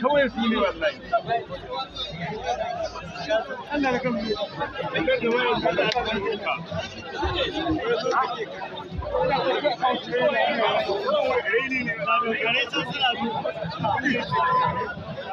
kawai su ne wallahi Allah da kan biyu da wayar da ta kan kuka ne ne